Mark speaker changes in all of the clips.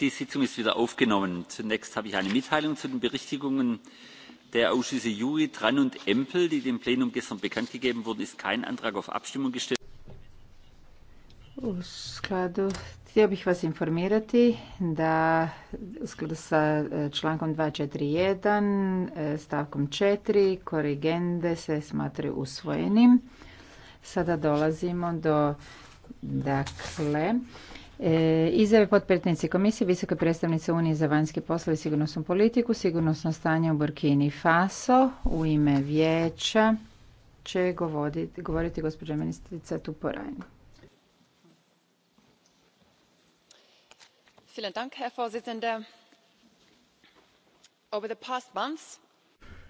Speaker 1: die sitzung ist wieder aufgenommen. zunächst habe ich eine mitteilung zu den berichtigungen der ausschüsse juri tran und empl die dem plenum gestern bekanntgegeben wurden ist kein antrag auf abstimmung gestellt u skladu htio bih vas informirati da u skladu sa e, člankom 241 e, stavkom 4 korigende se smatraju usvojenim. Sada dolazimo do dakle E, izjave potpretnici komisije Visoke predstavnice Unije za vanjske poslove i sigurnosnu politiku, sigurnosno stanje u Burkini Faso u ime vijeća će govoriti, gospođa ministrica Tuporajna.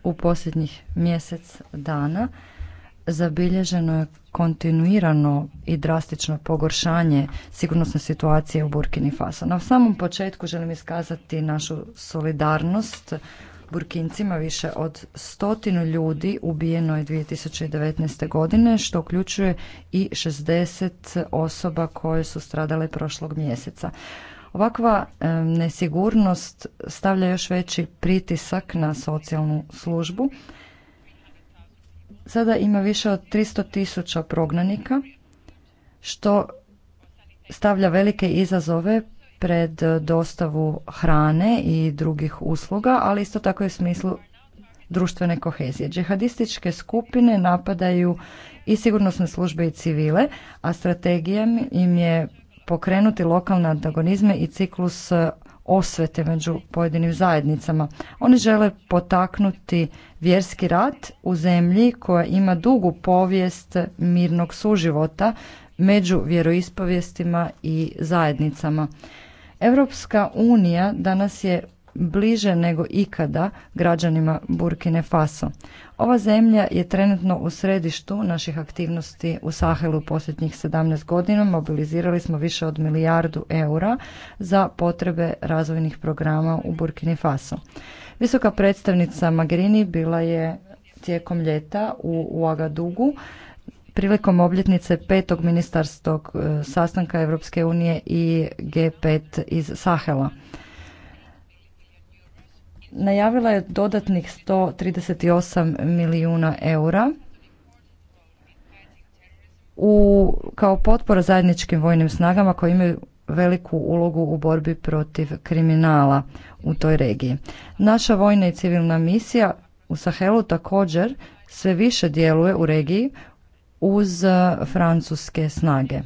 Speaker 2: U posljednjih mjesec dana zabilježeno je kontinuirano i drastično pogoršanje sigurnosne situacije u Burkini Faso. Na samom početku želim iskazati našu solidarnost Burkincima više od stotinu ljudi ubijeno je 2019. godine, što uključuje i 60 osoba koje su stradale prošlog mjeseca. Ovakva e, nesigurnost stavlja još veći pritisak na socijalnu službu sada ima više od 300 tisuća prognanika, što stavlja velike izazove pred dostavu hrane i drugih usluga, ali isto tako i u smislu društvene kohezije. Džihadističke skupine napadaju i sigurnosne službe i civile, a strategijom im je pokrenuti lokalne antagonizme i ciklus osvete među pojedinim zajednicama. Oni žele potaknuti vjerski rat u zemlji koja ima dugu povijest mirnog suživota među vjeroispovjestima i zajednicama. Europska unija danas je bliže nego ikada građanima Burkine Faso. Ova zemlja je trenutno u središtu naših aktivnosti u Sahelu posljednjih 17 godina. Mobilizirali smo više od milijardu eura za potrebe razvojnih programa u Burkine Faso. Visoka predstavnica Magrini bila je tijekom ljeta u Uagadugu prilikom obljetnice petog ministarskog e, sastanka Europske unije i G5 iz Sahela najavila je dodatnih 138 milijuna eura u, kao potpora zajedničkim vojnim snagama koji imaju veliku ulogu u borbi protiv kriminala u toj regiji. Naša vojna i civilna misija u Sahelu također sve više djeluje u regiji uz e, francuske snage.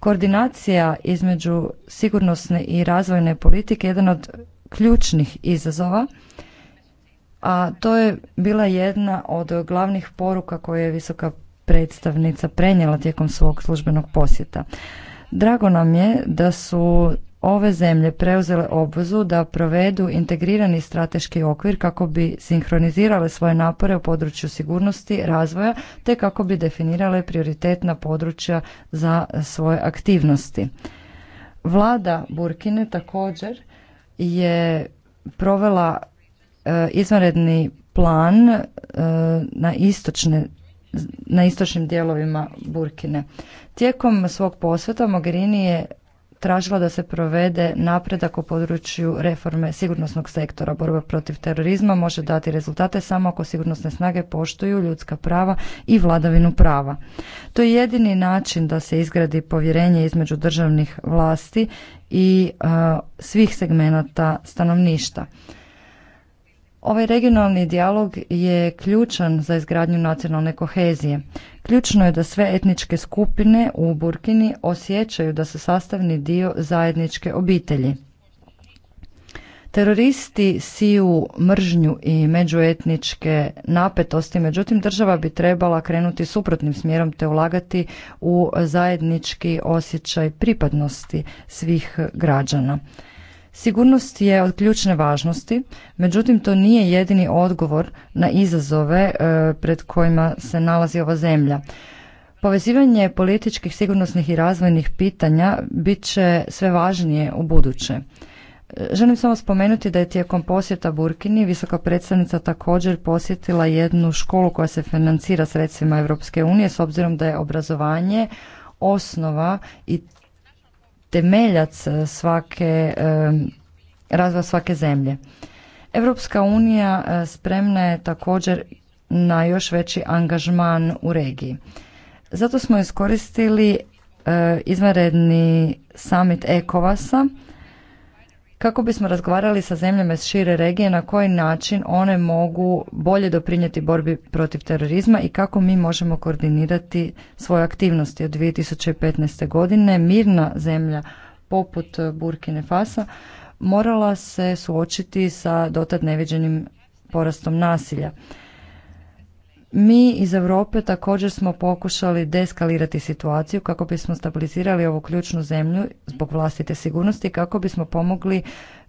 Speaker 2: Koordinacija između sigurnosne i razvojne politike je jedan od ključnih izazova, a to je bila jedna od glavnih poruka koje je visoka predstavnica prenijela tijekom svog službenog posjeta. Drago nam je da su ove zemlje preuzele obvezu da provedu integrirani strateški okvir kako bi sinhronizirale svoje napore u području sigurnosti, razvoja te kako bi definirale prioritetna područja za svoje aktivnosti. Vlada Burkine također je provela e, izvanredni plan e, na istočne na istočnim dijelovima Burkine. Tijekom svog posveta Mogherini je tražila da se provede napredak u području reforme sigurnosnog sektora. Borba protiv terorizma može dati rezultate samo ako sigurnosne snage poštuju ljudska prava i vladavinu prava. To je jedini način da se izgradi povjerenje između državnih vlasti i svih segmenata stanovništa. Ovaj regionalni dijalog je ključan za izgradnju nacionalne kohezije. Ključno je da sve etničke skupine u Burkini osjećaju da su sastavni dio zajedničke obitelji. Teroristi siju mržnju i međuetničke napetosti, međutim država bi trebala krenuti suprotnim smjerom te ulagati u zajednički osjećaj pripadnosti svih građana. Sigurnost je od ključne važnosti, međutim to nije jedini odgovor na izazove e, pred kojima se nalazi ova zemlja. Povezivanje političkih, sigurnosnih i razvojnih pitanja bit će sve važnije u buduće. E, želim samo spomenuti da je tijekom posjeta Burkini visoka predstavnica također posjetila jednu školu koja se financira sredstvima Europske unije s obzirom da je obrazovanje osnova i temeljac e, svake, e, razvoja svake zemlje. Europska unija e, spremna je također na još veći angažman u regiji. Zato smo iskoristili izvanredni summit ECOWAS-a kako bismo razgovarali sa zemljama iz šire regije na koji način one mogu bolje doprinijeti borbi protiv terorizma i kako mi možemo koordinirati svoje aktivnosti. Od 2015. godine mirna zemlja poput Burkine Fasa morala se suočiti sa dotad neviđenim porastom nasilja. Mi iz Europe također smo pokušali deskalirati situaciju kako bismo stabilizirali ovu ključnu zemlju zbog vlastite sigurnosti kako bismo pomogli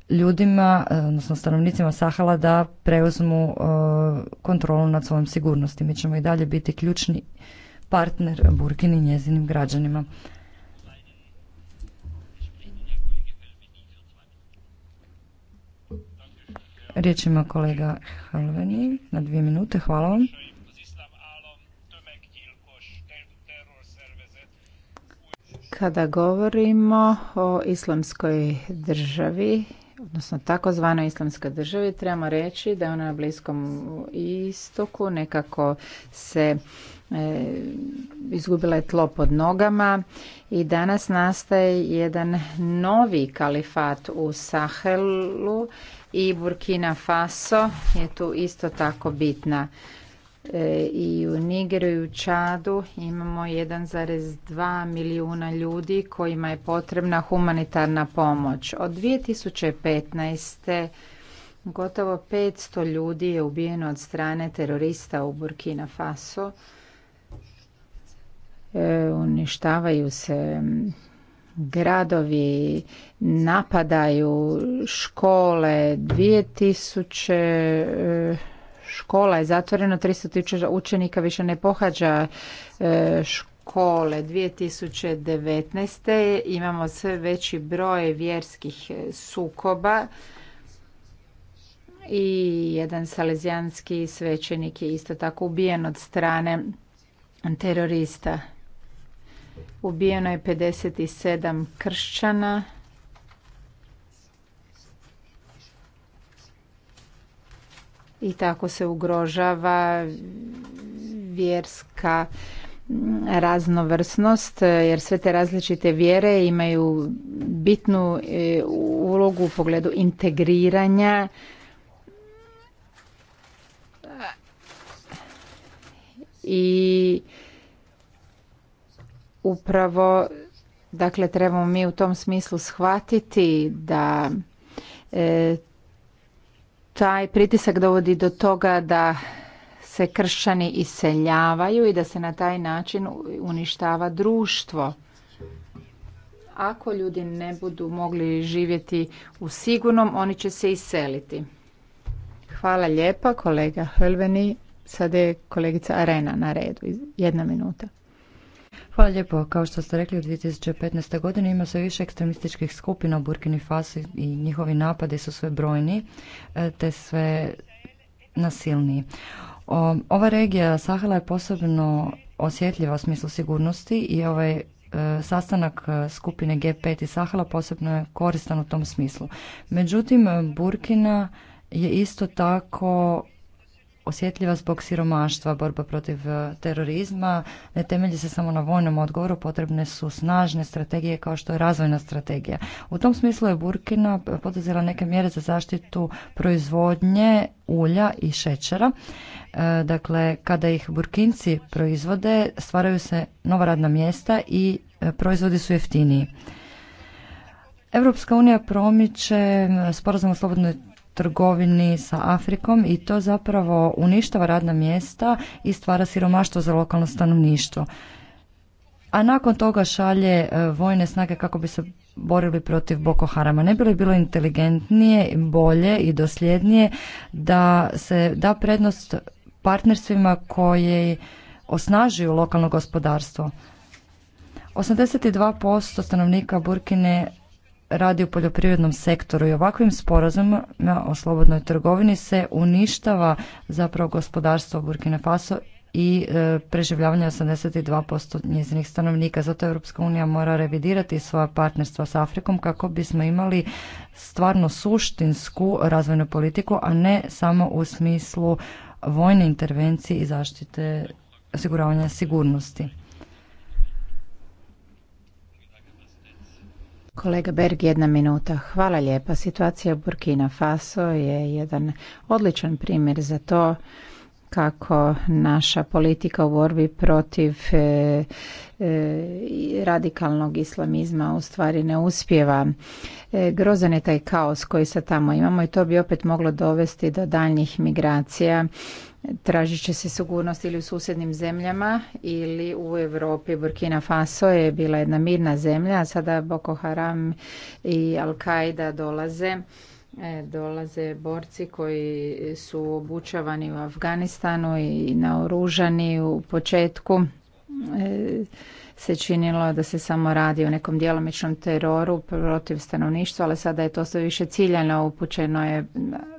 Speaker 2: ljudima, eh, odnosno stanovnicima Sahala da preuzmu eh, kontrolu nad svojom sigurnosti. Mi ćemo i dalje biti ključni partner Burkini i njezinim građanima. Riječ ima kolega Halveni na dvije minute. Hvala vam. Kada
Speaker 1: govorimo o islamskoj državi, odnosno takozvanoj islamskoj državi, trebamo reći da je ona na Bliskom istoku nekako se e, izgubila je tlo pod nogama i danas nastaje jedan novi kalifat u Sahelu i Burkina Faso je tu isto tako bitna. E, i u Nigeru i u Čadu imamo 1,2 milijuna ljudi kojima je potrebna humanitarna pomoć. Od 2015. gotovo 500 ljudi je ubijeno od strane terorista u Burkina Faso. E, uništavaju se gradovi, napadaju škole. 2000 škola je zatvoreno, 300 učenika više ne pohađa e, škole. 2019. imamo sve veći broj vjerskih sukoba i jedan salezijanski svećenik je isto tako ubijen od strane terorista. Ubijeno je 57 kršćana i tako se ugrožava vjerska mm, raznovrsnost jer sve te različite vjere imaju bitnu e, ulogu u pogledu integriranja i upravo dakle trebamo mi u tom smislu shvatiti da e, taj pritisak dovodi do toga da se kršćani iseljavaju i da se na taj način uništava društvo. Ako ljudi ne budu mogli živjeti u sigurnom, oni će se iseliti. Hvala lijepa kolega Hrveni. Sada je kolegica Arena na redu. Jedna minuta.
Speaker 2: Hvala pa lijepo. Kao što ste rekli, u 2015. godini ima sve više ekstremističkih skupina u Burkini Fasi i njihovi napadi su sve brojni, e, te sve nasilniji. ova regija Sahela je posebno osjetljiva u smislu sigurnosti i ovaj e, sastanak e, skupine G5 i Sahela posebno je koristan u tom smislu. Međutim, Burkina je isto tako osjetljiva zbog siromaštva, borba protiv e, terorizma ne temelji se samo na vojnom odgovoru, potrebne su snažne strategije kao što je razvojna strategija. U tom smislu je Burkina poduzela neke mjere za zaštitu proizvodnje ulja i šećera. E, dakle, kada ih burkinci proizvode, stvaraju se nova radna mjesta i e, proizvodi su jeftiniji. Europska unija promiče sporazum o slobodnoj trgovini sa Afrikom i to zapravo uništava radna mjesta i stvara siromaštvo za lokalno stanovništvo. A nakon toga šalje e, vojne snage kako bi se borili protiv Boko Harama. Ne bi li bilo inteligentnije, bolje i dosljednije da se da prednost partnerstvima koje osnažuju lokalno gospodarstvo? 82% stanovnika Burkine radi u poljoprivrednom sektoru i ovakvim sporazumima o slobodnoj trgovini se uništava zapravo gospodarstvo Burkina Faso i e, preživljavanje 82% njezinih stanovnika. Zato Europska unija mora revidirati svoja partnerstva s Afrikom kako bismo imali stvarno suštinsku razvojnu politiku, a ne samo u smislu vojne intervencije i zaštite osiguravanja sigurnosti.
Speaker 1: Kolega Berg, jedna minuta. Hvala lijepa. Situacija u Burkina Faso je jedan odličan primjer za to kako naša politika u borbi protiv e, e, radikalnog islamizma u stvari ne uspjeva. E, grozan je taj kaos koji se tamo imamo i to bi opet moglo dovesti do daljnjih migracija Tražit će se sigurnost ili u susjednim zemljama ili u Europi. Burkina Faso je bila jedna mirna zemlja, a sada Boko Haram i Al-Qaida dolaze. E, dolaze borci koji su obučavani u Afganistanu i naoružani u početku. E, se činilo da se samo radi o nekom djelomičnom teroru protiv stanovništva, ali sada je to sve više ciljano upućeno je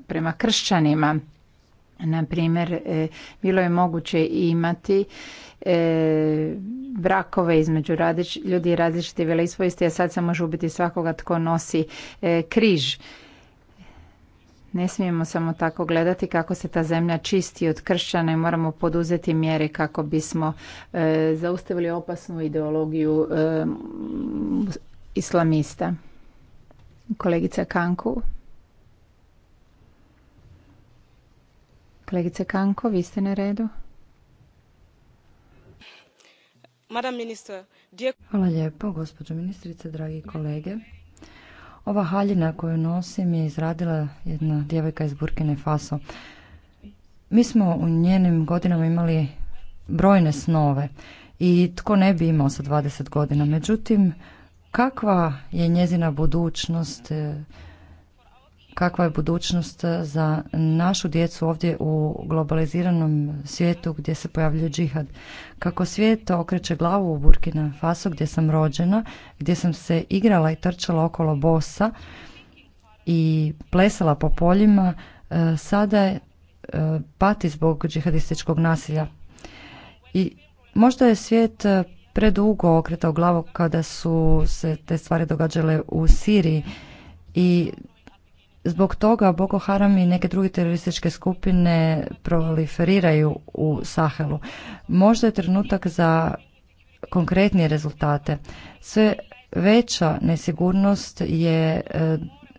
Speaker 1: prema kršćanima na primjer, e, bilo je moguće imati e, brakove između radič, ljudi različite veleispovijesti, a sad se može ubiti svakoga tko nosi e, križ. Ne smijemo samo tako gledati kako se ta zemlja čisti od kršćana i moramo poduzeti mjere kako bismo zaustavili opasnu ideologiju islamista. Kolegica Kanku. Kolegice Kanko, vi ste na redu.
Speaker 2: Hvala lijepo, gospođo ministrice, dragi kolege. Ova haljina koju nosim je izradila jedna djevojka iz Burkine Faso. Mi smo u njenim godinama imali brojne snove i tko ne bi imao sa 20 godina. Međutim, kakva je njezina budućnost, kakva je budućnost e, za našu djecu ovdje u globaliziranom svijetu gdje se pojavljuje džihad. Kako svijet okreće glavu u Burkina Faso gdje sam rođena, gdje sam se igrala i trčala okolo bosa i plesala po poljima, e, sada je e, pati zbog džihadističkog nasilja. I možda je svijet predugo okretao glavu kada su se te stvari događale u Siriji i Zbog toga Boko Haram i neke druge terorističke skupine proliferiraju u Sahelu. Možda je trenutak za konkretnije rezultate. Sve veća nesigurnost je e,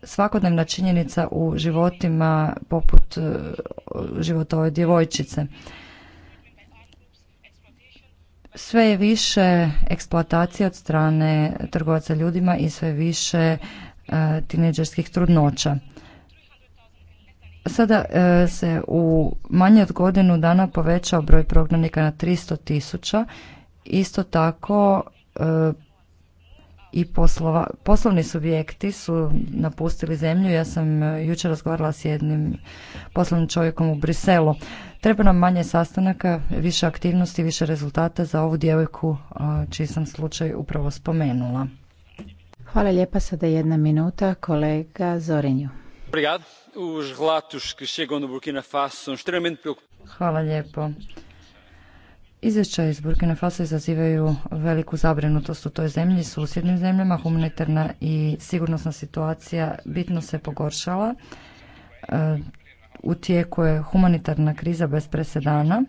Speaker 2: svakodnevna činjenica u životima poput e, života ove djevojčice. Sve je više eksploatacije od strane trgovaca ljudima i sve više E, tineđerskih trudnoća. Sada e, se u manje od godinu dana povećao broj prognanika na 300 tisuća. Isto tako e, i poslova, poslovni subjekti su napustili zemlju. Ja sam jučer razgovarala s jednim poslovnim čovjekom u Briselu. Treba nam manje sastanaka, više aktivnosti, više rezultata za ovu djevojku čiji sam slučaj upravo spomenula. Hvala lijepa. Sada jedna minuta.
Speaker 1: Kolega Zorinju.
Speaker 2: Hvala lijepo. Izvješća iz Burkina Faso izazivaju veliku zabrinutost u toj zemlji susjednim zemljama. Humanitarna i sigurnosna situacija bitno se pogoršala. E, u tijeku je humanitarna kriza bez presedana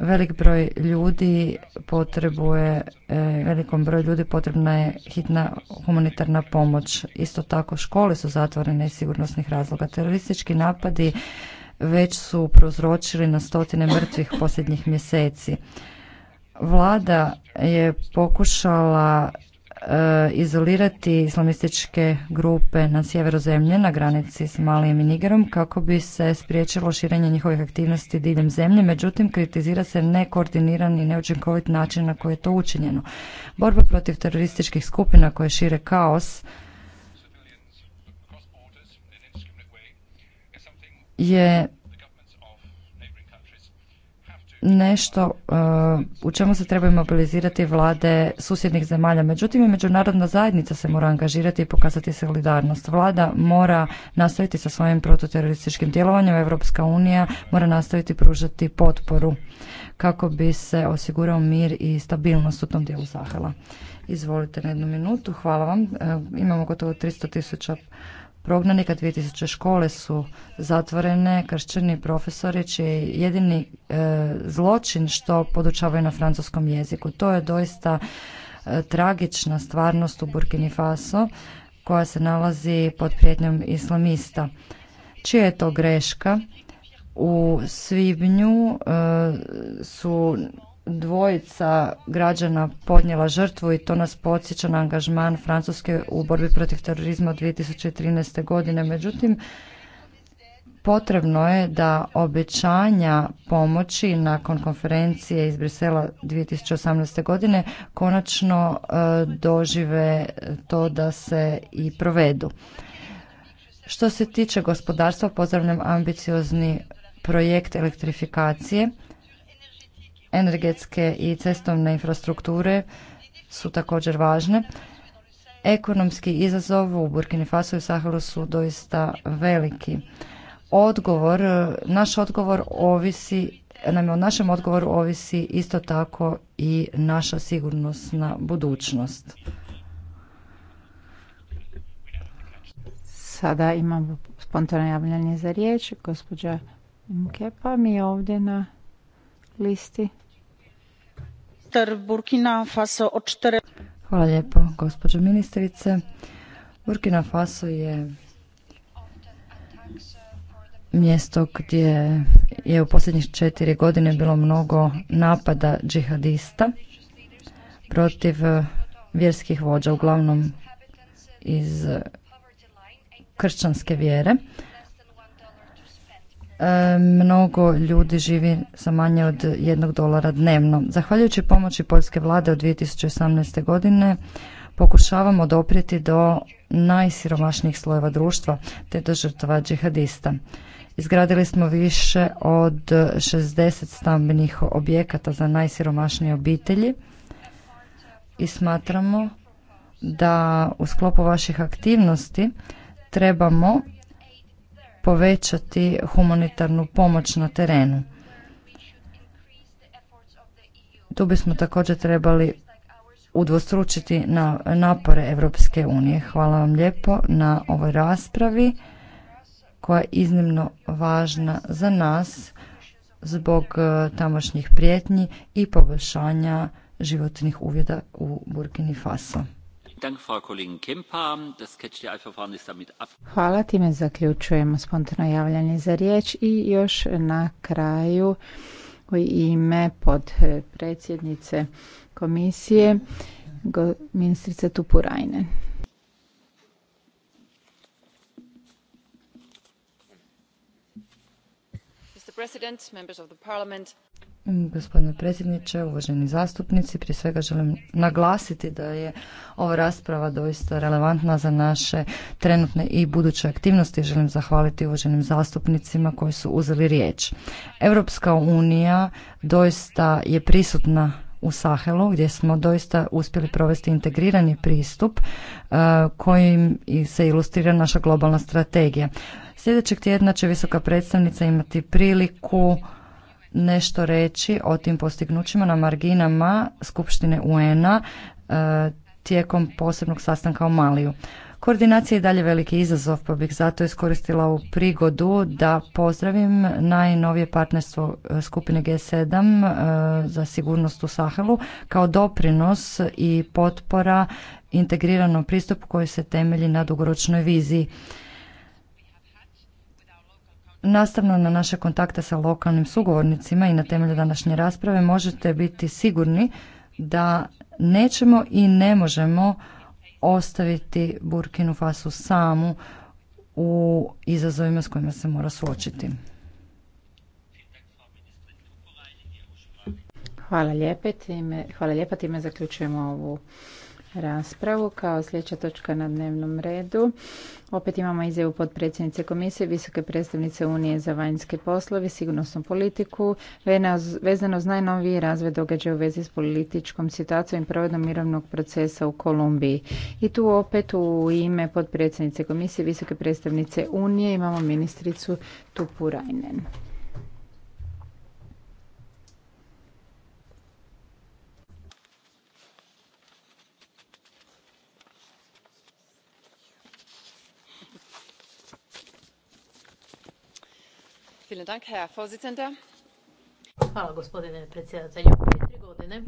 Speaker 2: Velik broj ljudi potrebuje, e, velikom broju ljudi potrebna je hitna humanitarna pomoć. Isto tako škole su zatvorene iz sigurnosnih razloga. Teroristički napadi već su prouzročili na stotine mrtvih posljednjih mjeseci. Vlada je pokušala Eh, izolirati islamističke grupe na sjeveru zemlje na granici s Malijem i Nigerom kako bi se spriječilo širenje njihovih aktivnosti diljem zemlje, međutim kritizira se nekoordiniran i neučinkovit način na koji je to učinjeno. Borba protiv terorističkih skupina koje šire kaos je nešto e, u čemu se trebaju mobilizirati vlade susjednih zemalja. Međutim, i međunarodna zajednica se mora angažirati i pokazati solidarnost. Vlada mora nastaviti sa svojim prototerorističkim djelovanjem. Europska unija mora nastaviti pružati potporu kako bi se osigurao mir i stabilnost u tom dijelu Sahela. Izvolite na jednu minutu. Hvala vam. E, imamo gotovo 300 tisuća prognanika, 2000 škole su zatvorene, kršćani profesori čiji jedini e, zločin što podučavaju na francuskom jeziku. To je doista e, tragična stvarnost u Burkini Faso koja se nalazi pod prijetnjom islamista. Čija je to greška? U svibnju e, su dvojica građana podnijela žrtvu i to nas podsjeća na angažman Francuske u borbi protiv terorizma od 2013. godine. Međutim, potrebno je da obećanja pomoći nakon konferencije iz Brisela 2018. godine konačno e, dožive to da se i provedu. Što se tiče gospodarstva, pozdravljam ambiciozni projekt elektrifikacije energetske i cestovne infrastrukture su također važne. Ekonomski izazov u Burkini Faso i Saharu su doista veliki. Odgovor, naš odgovor ovisi, o našem odgovoru ovisi isto tako i naša sigurnosna budućnost. Sada imamo spontano javljanje
Speaker 1: za riječ. Gospođa Mkepa mi je ovdje na
Speaker 2: Hvala lijepo, gospođo ministrice. Burkina Faso je mjesto gdje je u posljednjih četiri godine bilo mnogo napada džihadista protiv vjerskih vođa, uglavnom iz kršćanske vjere mnogo ljudi živi sa manje od jednog dolara dnevno. Zahvaljujući pomoći poljske vlade od 2018. godine pokušavamo doprijeti do najsiromašnijih slojeva društva te do žrtava džihadista. Izgradili smo više od 60 stambenih objekata za najsiromašnije obitelji i smatramo da u sklopu vaših aktivnosti trebamo povećati humanitarnu pomoć na terenu. Tu bismo također trebali udvostručiti na napore Europske unije. Hvala vam lijepo na ovoj raspravi koja je iznimno važna za nas zbog e, tamošnjih prijetnji i poboljšanja životnih uvjeta u Burkini Faso. Hvala, time zaključujemo spontano
Speaker 1: javljanje za riječ i još na kraju u ime pod predsjednice komisije ministrica Tupurajne. Mr.
Speaker 2: Mm, gospodine predsjedniče, uvaženi zastupnici, prije svega želim naglasiti da je ova rasprava doista relevantna za naše trenutne i buduće aktivnosti. Želim zahvaliti uvaženim zastupnicima koji su uzeli riječ. Europska unija doista je prisutna u Sahelu gdje smo doista uspjeli provesti integrirani pristup e, kojim se ilustrira naša globalna strategija. Sljedećeg tjedna će visoka predstavnica imati priliku nešto reći o tim postignućima na marginama Skupštine UN-a e, tijekom posebnog sastanka u Maliju. Koordinacija je dalje veliki izazov, pa bih zato iskoristila ovu prigodu da pozdravim najnovije partnerstvo e, skupine G7 e, za sigurnost u Sahelu kao doprinos i potpora integriranom pristupu koji se temelji na dugoročnoj viziji. Nastavno na naše kontakte sa lokalnim sugovornicima i na temelju današnje rasprave možete biti sigurni da nećemo i ne možemo ostaviti Burkinu Fasu samu u izazovima s kojima se mora suočiti.
Speaker 1: Hvala lijepa, time, zaključujemo ovu raspravu kao sljedeća točka na dnevnom redu. Opet imamo izjavu potpredsjednice komisije, visoke predstavnice Unije za vanjske poslove, sigurnosnu politiku, vezano uz najnoviji razvoj događaja u vezi s političkom situacijom i provedom mirovnog procesa u Kolumbiji. I tu opet u ime potpredsjednice komisije, visoke predstavnice Unije imamo ministricu Tupu Rajnen.
Speaker 3: Hvala gospodine predsjedatelju. Prije tri godine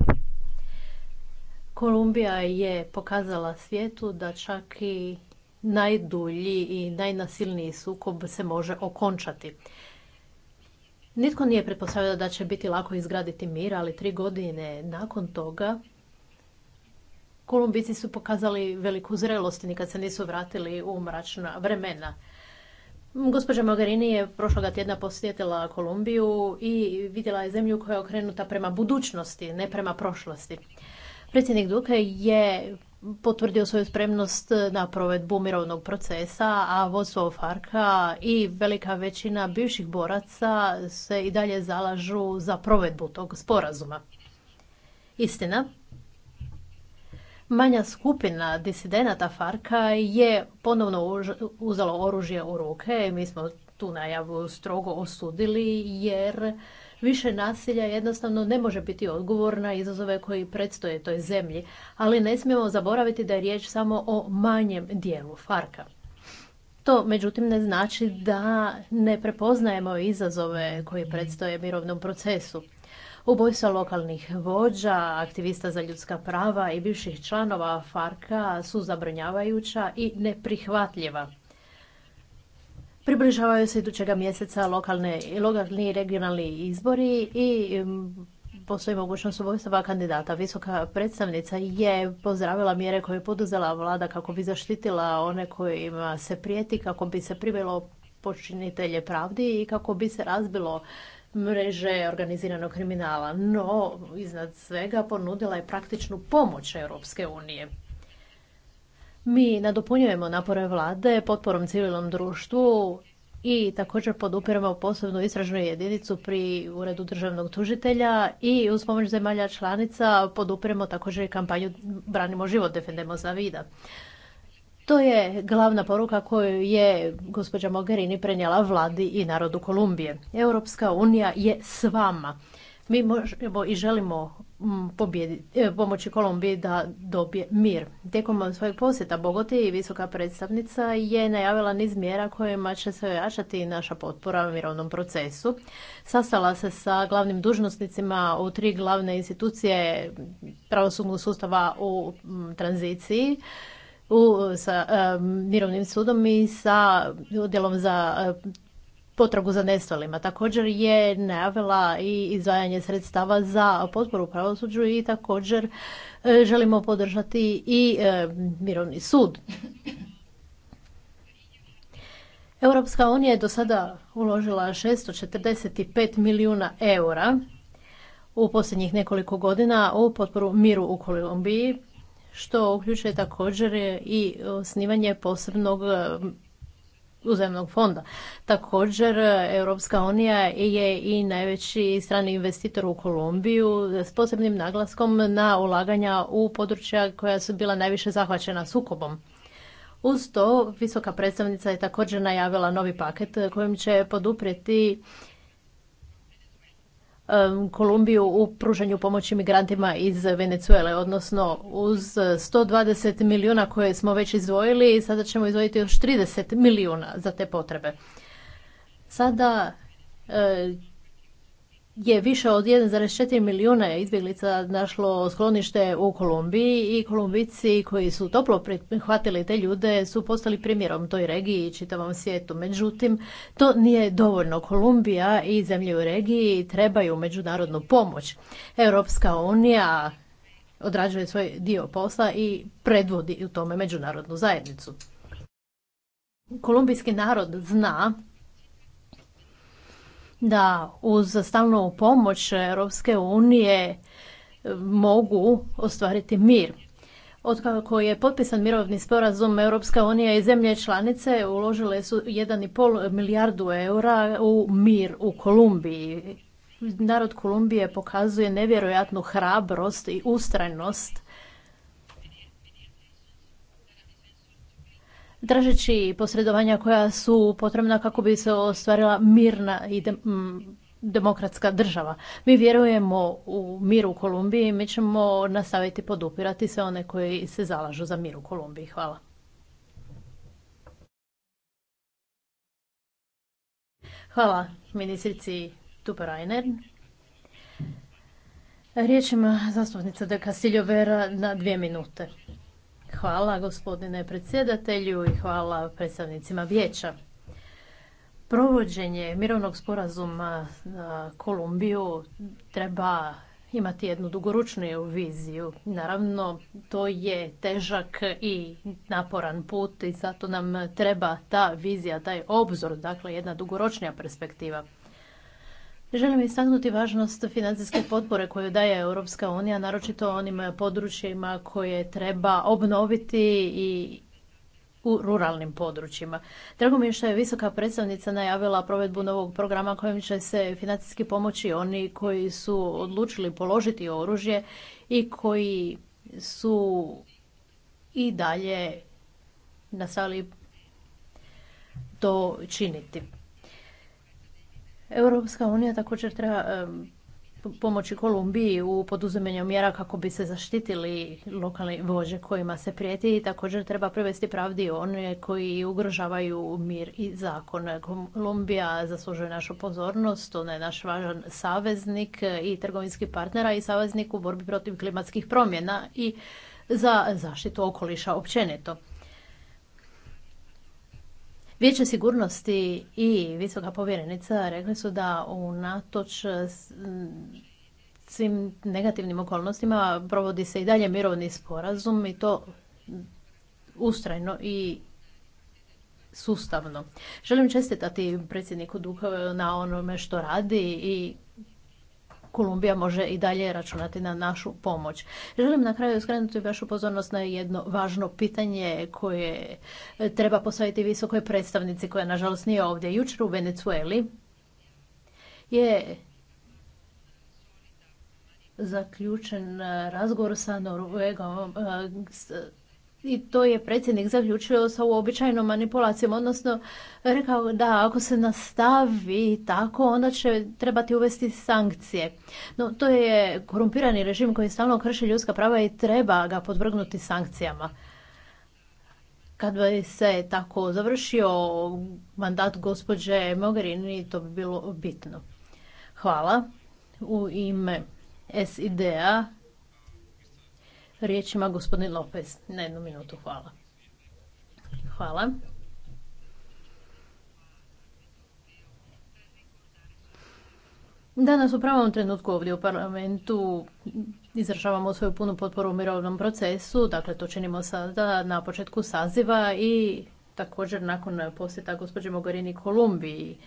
Speaker 3: Kolumbija je pokazala svijetu da čak i najdulji i najnasilniji sukob se može okončati. Nitko nije pretpostavljao da će biti lako izgraditi mir, ali tri godine nakon toga Kolumbici su pokazali veliku zrelost nikad se nisu vratili u mračna vremena. Gospođa Mogherini je prošloga tjedna posjetila Kolumbiju i vidjela je zemlju koja je okrenuta prema budućnosti, ne prema prošlosti. Predsjednik Duke je potvrdio svoju spremnost na provedbu mirovnog procesa, a vodstvo Farka i velika većina bivših boraca se i dalje zalažu za provedbu tog sporazuma. Istina, Manja skupina disidenata Farka je ponovno uzela oružje u ruke. Mi smo tu najavu strogo osudili jer više nasilja jednostavno ne može biti odgovor na izazove koji predstoje toj zemlji. Ali ne smijemo zaboraviti da je riječ samo o manjem dijelu Farka. To međutim ne znači da ne prepoznajemo izazove koji predstoje mirovnom procesu. Ubojstva lokalnih vođa, aktivista za ljudska prava i bivših članova Farka su zabrinjavajuća i neprihvatljiva. Približavaju se idućega mjeseca lokalne, lokalni i regionalni izbori i mm, postoji mogućnost ubojstava kandidata. Visoka predstavnica je pozdravila mjere koje je poduzela vlada kako bi zaštitila one kojima se prijeti, kako bi se privelo počinitelje pravdi i kako bi se razbilo mreže organiziranog kriminala, no iznad svega ponudila je praktičnu pomoć Europske unije. Mi nadopunjujemo napore vlade potporom civilnom društvu i također podupiramo posebnu istražnu jedinicu pri Uredu državnog tužitelja i uz pomoć zemalja članica podupiremo također i kampanju Branimo život, defendemo za vida. To je glavna poruka koju je gospođa Mogherini prenijela vladi i narodu Kolumbije. Europska unija je s vama. Mi možemo i želimo mm, e, pomoći Kolumbiji da dobije mir. Tijekom svojeg posjeta Bogoti i visoka predstavnica je najavila niz mjera kojima će se ojačati naša potpora u mirovnom procesu. Sastala se sa glavnim dužnosnicima u tri glavne institucije pravosudnog sustava u mm, tranziciji sa Mirovnim sudom i sa udjelom za potragu za nestalima. Također je najavila i izdvajanje sredstava za potporu pravosuđu i također e, želimo podržati i Mirovni sud. Europska unija je do sada uložila 645 milijuna eura u posljednjih nekoliko godina u potporu miru u Kolumbiji što uključuje također i osnivanje posebnog e, uzemnog fonda. Također, e, Europska unija je i najveći strani investitor u Kolumbiju s posebnim naglaskom na ulaganja u područja koja su bila najviše zahvaćena sukobom. Uz to, visoka predstavnica je također najavila novi paket kojim će poduprijeti Um, Kolumbiju u pružanju pomoći migrantima iz Venezuele, odnosno uz 120 milijuna koje smo već izdvojili, sada ćemo izdvojiti još 30 milijuna za te potrebe. Sada je više od 1,4 milijuna izbjeglica našlo sklonište u Kolumbiji i Kolumbici koji su toplo prihvatili te ljude su postali primjerom toj regiji i čitavom svijetu. Međutim, to nije dovoljno. Kolumbija i zemlje u regiji trebaju međunarodnu pomoć. Europska unija odrađuje svoj dio posla i predvodi u tome međunarodnu zajednicu. Kolumbijski narod zna da uz stalnu pomoć Europske unije eh, mogu ostvariti mir. Otkako je potpisan mirovni sporazum Europska unija i zemlje članice uložile su 1,5 milijardu eura u mir u Kolumbiji. Narod Kolumbije pokazuje nevjerojatnu hrabrost i ustrajnost tražeći posredovanja koja su potrebna kako bi se ostvarila mirna i demokratska država. Mi vjerujemo u mir u Kolumbiji i mi ćemo nastaviti podupirati sve one koji se zalažu za mir u Kolumbiji. Hvala. Hvala ministrici Tuperajner. Riječ ima zastupnica de Castillo Vera na dvije minute. Hvala gospodine predsjedatelju i hvala predstavnicima vijeća. Provođenje mirovnog sporazuma na Kolumbiju treba imati jednu dugoročniju viziju. Naravno, to je težak i naporan put i zato nam treba ta vizija, taj obzor, dakle jedna dugoročnija perspektiva. Želim istaknuti važnost financijske potpore koju daje Europska unija, naročito onim područjima koje treba obnoviti i u ruralnim područjima. Drago mi je što je visoka predstavnica najavila provedbu novog programa kojim će se financijski pomoći oni koji su odlučili položiti oružje i koji su i dalje nastavili to činiti. Europska unija također treba pomoći Kolumbiji u poduzimanju mjera kako bi se zaštitili lokalni vođe kojima se prijeti i također treba privesti pravdi one koji ugrožavaju mir i zakon. Kolumbija zaslužuje našu pozornost, ona je naš važan saveznik i trgovinski partnera i saveznik u borbi protiv klimatskih promjena i za zaštitu okoliša općenito. Vijeće sigurnosti i visoka povjerenica rekli su da unatoč svim negativnim okolnostima provodi se i dalje mirovni sporazum i to ustrajno i sustavno. Želim čestitati predsjedniku Dukove na onome što radi i Kolumbija može i dalje računati na našu pomoć. Želim na kraju skrenuti vašu pozornost na jedno važno pitanje koje treba postaviti visokoj predstavnici koja nažalost nije ovdje. Jučer u Venezueli je zaključen razgovor sa Norvegom i to je predsjednik zaključio sa uobičajenom manipulacijom, odnosno rekao da ako se nastavi tako, onda će trebati uvesti sankcije. No, to je korumpirani režim koji stalno krši ljudska prava i treba ga podvrgnuti sankcijama. Kad bi se tako završio mandat gospođe Mogherini, to bi bilo bitno. Hvala. U ime SID-a Riječ ima gospodin Lopez. Na jednu minutu, hvala. Hvala. Danas u pravom trenutku ovdje u parlamentu izražavamo svoju punu potporu u mirovnom procesu, dakle to činimo sada na početku saziva i također nakon posjeta gospođe Mogorini Kolumbiji.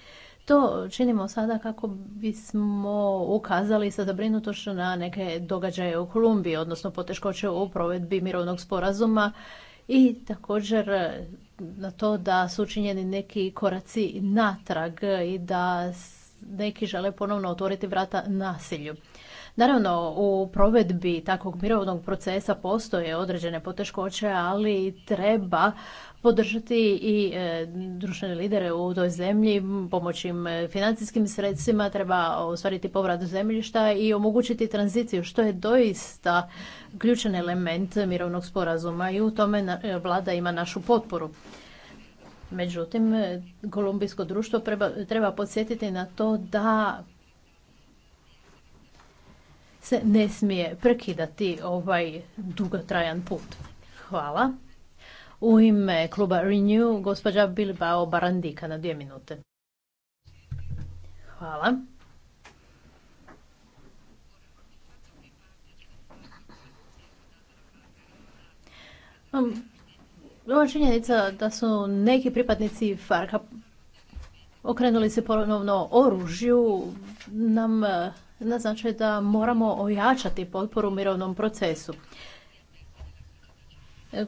Speaker 3: To činimo sada kako bismo ukazali sa zabrinutošću na neke događaje u Kolumbiji, odnosno poteškoće u provedbi mirovnog sporazuma i također na to da su učinjeni neki koraci natrag i da neki žele ponovno otvoriti vrata nasilju. Naravno, u provedbi takvog mirovnog procesa postoje određene poteškoće, ali treba podržati i e, društvene lidere u toj zemlji, pomoći im e, financijskim sredstvima, treba ostvariti povrat zemljišta i omogućiti tranziciju, što je doista ključan element mirovnog sporazuma i u tome e, vlada ima našu potporu. Međutim, kolumbijsko društvo treba, treba podsjetiti na to da se ne smije prekidati ovaj dugotrajan put. Hvala. U ime kluba Renew, gospođa Bilbao Barandika na dvije minute. Hvala. Um, ova činjenica da su neki pripadnici Farka okrenuli se ponovno oružju nam eh, naznačuje da moramo ojačati potporu mirovnom procesu.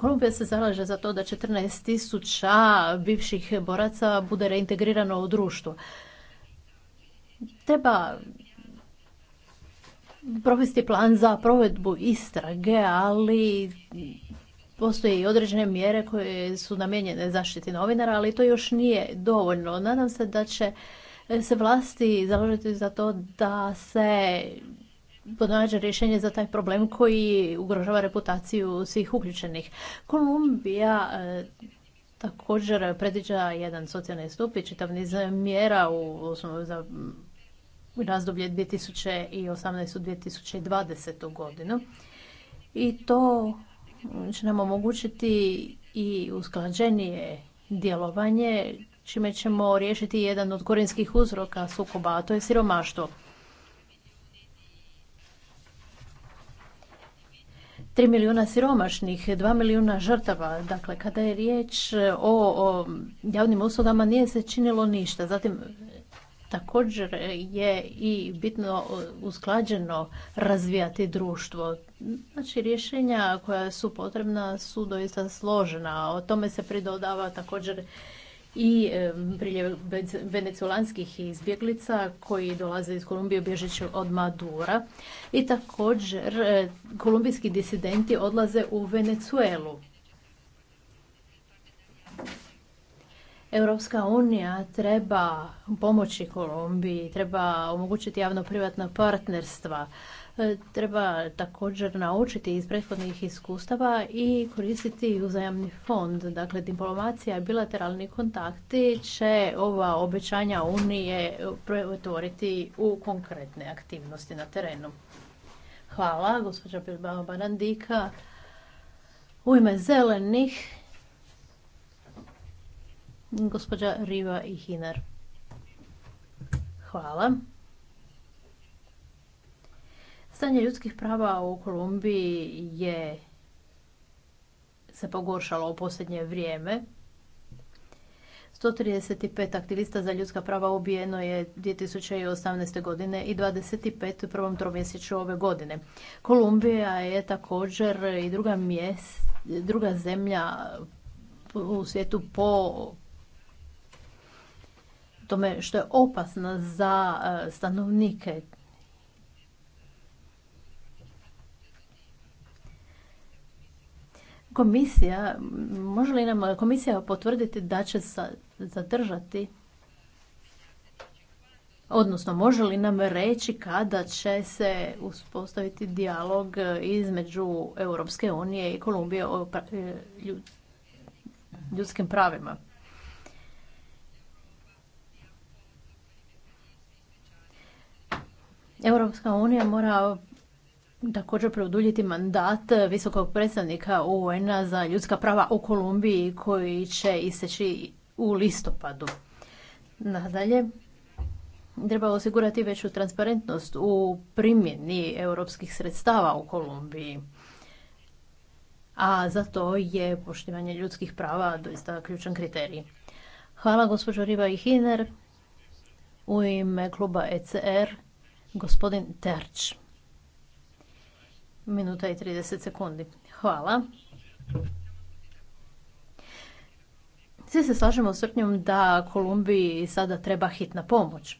Speaker 3: Kolumbija se zalaže za to da 14 tisuća bivših boraca bude reintegrirano u društvo. Treba provesti plan za provedbu istrage, ali postoje i određene mjere koje su namijenjene zaštiti novinara, ali to još nije dovoljno. Nadam se da će se vlasti založiti za to da se pronađe rješenje za taj problem koji ugrožava reputaciju svih uključenih. Kolumbija e, također predviđa jedan socijalni stup i čitav niz mjera u za razdoblje 2018-2020. godinu. I to mm, će nam omogućiti i usklađenije djelovanje, čime ćemo riješiti jedan od korinskih uzroka sukoba, a to je siromaštvo. 3 milijuna siromašnih, 2 milijuna žrtava. Dakle, kada je riječ e, o, javnim uslugama nije se činilo ništa. Zatim, također je i bitno e, usklađeno razvijati društvo. Znači, rješenja koja su potrebna su doista složena. O tome se pridodava također i priljev venecuelanskih izbjeglica koji dolaze iz Kolumbije bježeći od Madura. I također e, kolumbijski disidenti odlaze u Venecuelu. Europska unija treba pomoći Kolumbiji, treba omogućiti javno-privatna partnerstva, E, treba također naučiti iz prethodnih iskustava i koristiti uzajamni fond. Dakle, diplomacija i bilateralni kontakti će ova obećanja Unije pretvoriti u konkretne aktivnosti na terenu. Hvala, gospođa Bilbao Barandika. U ime zelenih, gospođa Riva i Hinar. Hvala. Stanje ljudskih prava u Kolumbiji je se pogoršalo u posljednje vrijeme. 135 aktivista za ljudska prava ubijeno je 2018. godine i 25 u prvom tromjesečju ove godine. Kolumbija je također i druga, mjest, druga zemlja u svijetu po tome što je opasna za e, stanovnike. Komisija, može li nam komisija potvrditi da će zadržati Odnosno, može li nam reći kada će se uspostaviti dijalog između Europske unije i Kolumbije o e, ljudskim pravima? Europska unija mora također produljiti mandat visokog predstavnika UN-a za ljudska prava u Kolumbiji koji će isteći u listopadu. Nadalje, treba osigurati veću transparentnost u primjeni europskih sredstava u Kolumbiji. A za to je poštivanje ljudskih prava doista ključan kriterij. Hvala gospođo Riva i Hiner. U ime kluba ECR, gospodin Terč. Minuta i 30 sekundi. Hvala. Svi se slažemo s srpnjom da Kolumbiji sada treba hitna pomoć.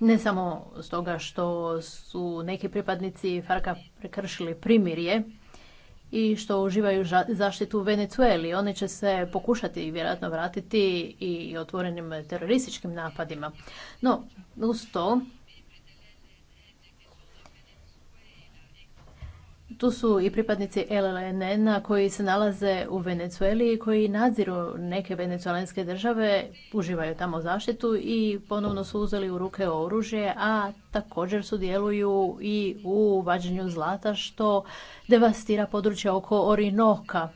Speaker 3: Ne samo stoga što su neki pripadnici Farka prekršili primirje i što uživaju zaštitu u Venecueli. Oni će se pokušati vjerojatno vratiti i otvorenim terorističkim napadima. No, uz to tu su i pripadnici LLNN-a koji se nalaze u Venecueli i koji nadziru neke venecuelanske države, uživaju tamo zaštitu i ponovno su uzeli u ruke oružje, a također sudjeluju i u vađenju zlata što devastira područje oko Orinoka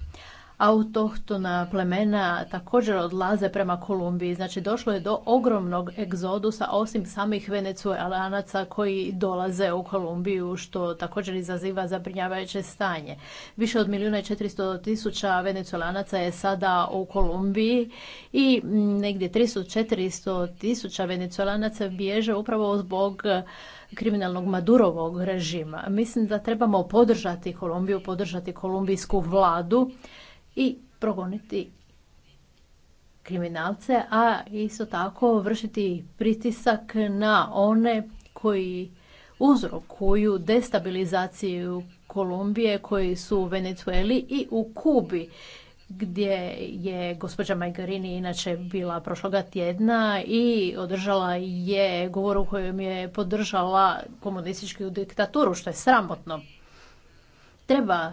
Speaker 3: autohtona plemena također odlaze prema Kolumbiji. Znači došlo je do ogromnog egzodusa osim samih venecuelanaca koji dolaze u Kolumbiju što također izaziva zabrinjavajuće stanje. Više od milijuna i četiristo tisuća venecuelanaca je sada u Kolumbiji i negdje 300 četiristo tisuća venecuelanaca bježe upravo zbog kriminalnog Madurovog režima. Mislim da trebamo podržati Kolumbiju, podržati kolumbijsku vladu i progoniti kriminalce, a isto tako vršiti pritisak na one koji uzrokuju destabilizaciju Kolumbije, koji su u Venezueli i u Kubi gdje je gospođa Majgarini inače bila prošloga tjedna i održala je govor u kojem je podržala komunističku diktaturu, što je sramotno. Treba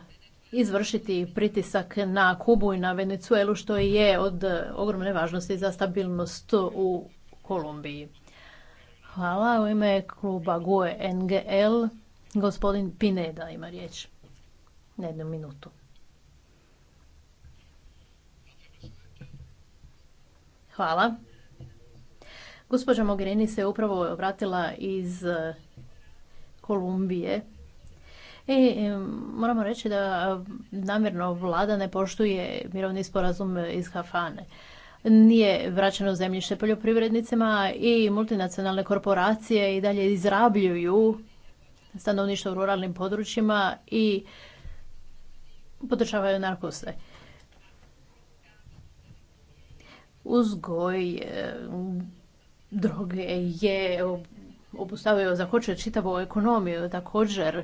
Speaker 3: izvršiti pritisak na Kubu i na Venezuelu što je od ogromne važnosti za stabilnost u Kolumbiji. Hvala. U ime kluba GUE NGL gospodin Pineda ima riječ. Na jednu minutu. Hvala. Gospođa Mogherini se upravo obratila iz Kolumbije i e, moramo reći da e, namjerno vlada ne poštuje mirovni sporazum iz Hafane. Nije vraćeno zemljište poljoprivrednicima i multinacionalne korporacije i dalje izrabljuju stanovništvo u ruralnim područjima i podržavaju narkose. Uzgoj e, droge je obustavio zakočio čitavu ekonomiju također